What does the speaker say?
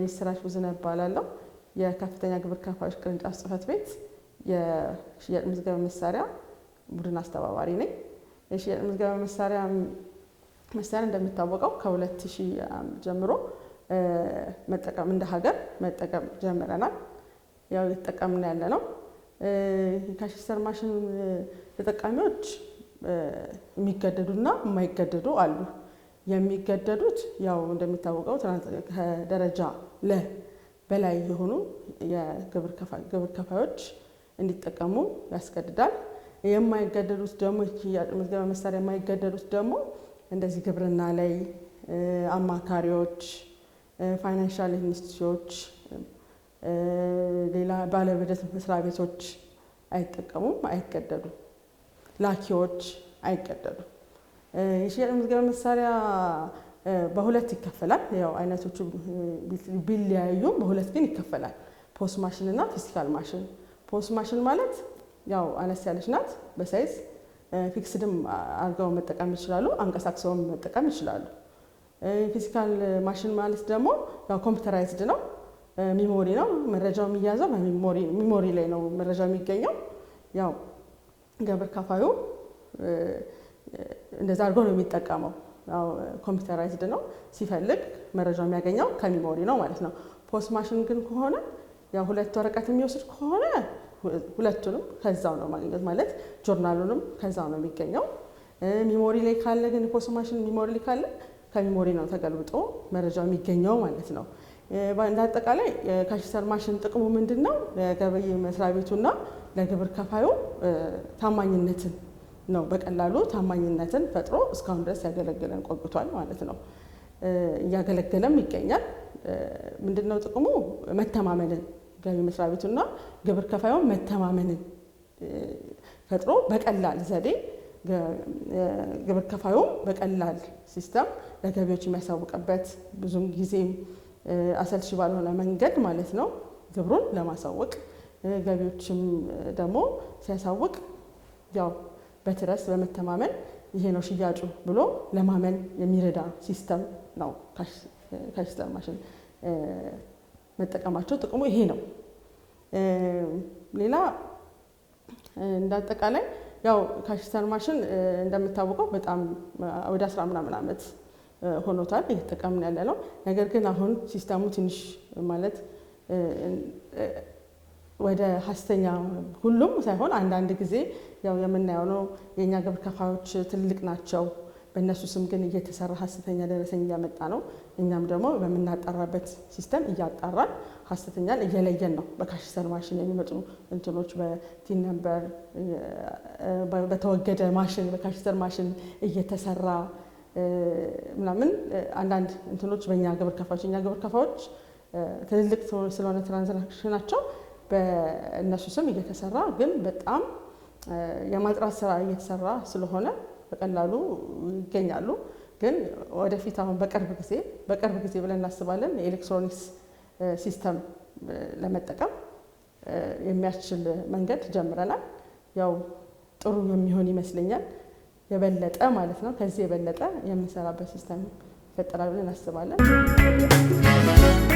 የምስራች ውዝነ እባላለሁ። የከፍተኛ ግብር ከፋዮች ቅርንጫፍ ጽህፈት ቤት የሽያጭ ምዝገባ መሳሪያ ቡድን አስተባባሪ ነኝ። የሽያጭ ምዝገባ መሳሪያ መሳሪያ እንደሚታወቀው ከ2000 ጀምሮ መጠቀም እንደ ሀገር መጠቀም ጀምረናል። ያው የተጠቀምን ያለ ነው። የካሽሰር ማሽን ተጠቃሚዎች የሚገደዱና የማይገደዱ አሉ። የሚገደዱት ያው እንደሚታወቀው ከደረጃ ለ በላይ የሆኑ የግብር ከፋዮች እንዲጠቀሙ ያስገድዳል። የማይገደዱት ደግሞ ምዝገባ መሳሪያ የማይገደዱት ደግሞ እንደዚህ ግብርና ላይ አማካሪዎች፣ ፋይናንሻል ኢንስቲትዩቶች፣ ሌላ ባለበጀት መስሪያ ቤቶች አይጠቀሙም፣ አይገደዱም። ላኪዎች አይገደዱም። የሽያጭ ምዝገባ መሳሪያ በሁለት ይከፈላል። ያው አይነቶቹ ቢለያዩም በሁለት ግን ይከፈላል፣ ፖስት ማሽን እና ፊስካል ማሽን። ፖስት ማሽን ማለት ያው አነስ ያለች ናት በሳይዝ ፊክስድም አድርገው መጠቀም ይችላሉ፣ አንቀሳቅሰውም መጠቀም ይችላሉ። ፊዚካል ማሽን ማለት ደግሞ ያው ኮምፒውተራይዝድ ነው፣ ሚሞሪ ነው። መረጃው የሚያዘው ሚሞሪ ላይ ነው መረጃው የሚገኘው ያው ግብር ከፋዩ እንደዛ አድርጎ ነው የሚጠቀመው። ኮምፒውተራይዝድ ነው፣ ሲፈልግ መረጃው የሚያገኘው ከሚሞሪ ነው ማለት ነው። ፖስት ማሽን ግን ከሆነ ያው ሁለት ወረቀት የሚወስድ ከሆነ ሁለቱንም ከዛው ነው ማግኘት ማለት ጆርናሉንም ከዛው ነው የሚገኘው። ሚሞሪ ላይ ካለ ግን ፖስት ማሽን ሚሞሪ ላይ ካለ ከሚሞሪ ነው ተገልብጦ መረጃው የሚገኘው ማለት ነው። እንደ አጠቃላይ የካሽሰር ማሽን ጥቅሙ ምንድን ነው? ለገበያ መስሪያ ቤቱና ለግብር ከፋዩ ታማኝነትን ነው በቀላሉ ታማኝነትን ፈጥሮ እስካሁን ድረስ ያገለገለን ቆይቷል ማለት ነው። እያገለገለም ይገኛል። ምንድነው ጥቅሙ? መተማመንን ገቢ መስሪያ ቤቱና ግብር ከፋዩን መተማመንን ፈጥሮ በቀላል ዘዴ ግብር ከፋዩም በቀላል ሲስተም ለገቢዎች የሚያሳውቅበት ብዙም ጊዜም አሰልቺ ባልሆነ መንገድ ማለት ነው ግብሩን ለማሳወቅ ገቢዎችም ደግሞ ሲያሳውቅ ያው በትረስ በመተማመን ይሄ ነው ሽያጩ ብሎ ለማመን የሚረዳ ሲስተም ነው። ካሽሰር ማሽን መጠቀማቸው ጥቅሙ ይሄ ነው። ሌላ እንዳጠቃላይ ያው ካሽሰር ማሽን እንደምታወቀው በጣም ወደ አስራ ምናምን ዓመት ሆኖታል እየተጠቀምን ያለ ነው። ነገር ግን አሁን ሲስተሙ ትንሽ ማለት ወደ ሀስተኛ ሁሉም ሳይሆን አንዳንድ ጊዜ ያው የምናየው ነው። የእኛ ግብር ከፋዮች ትልልቅ ናቸው። በእነሱ ስም ግን እየተሰራ ሀሰተኛ ደረሰኝ እያመጣ ነው። እኛም ደግሞ በምናጣራበት ሲስተም እያጣራን ሀሰተኛን እየለየን ነው። በካሽሰር ማሽን የሚመጡ እንትኖች በቲን ነምበር በተወገደ ማሽን በካሽሰር ማሽን እየተሰራ ምናምን አንዳንድ እንትኖች በእኛ ግብር ከፋዮች እኛ ግብር ከፋዮች ትልልቅ ስለሆነ ትራንዛክሽናቸው በእነሱ ስም እየተሰራ ግን በጣም የማጥራት ስራ እየተሰራ ስለሆነ በቀላሉ ይገኛሉ። ግን ወደፊት አሁን በቅርብ ጊዜ በቅርብ ጊዜ ብለን እናስባለን የኤሌክትሮኒክስ ሲስተም ለመጠቀም የሚያስችል መንገድ ጀምረናል። ያው ጥሩ የሚሆን ይመስለኛል። የበለጠ ማለት ነው ከዚህ የበለጠ የምንሰራበት ሲስተም ይፈጠራል ብለን እናስባለን።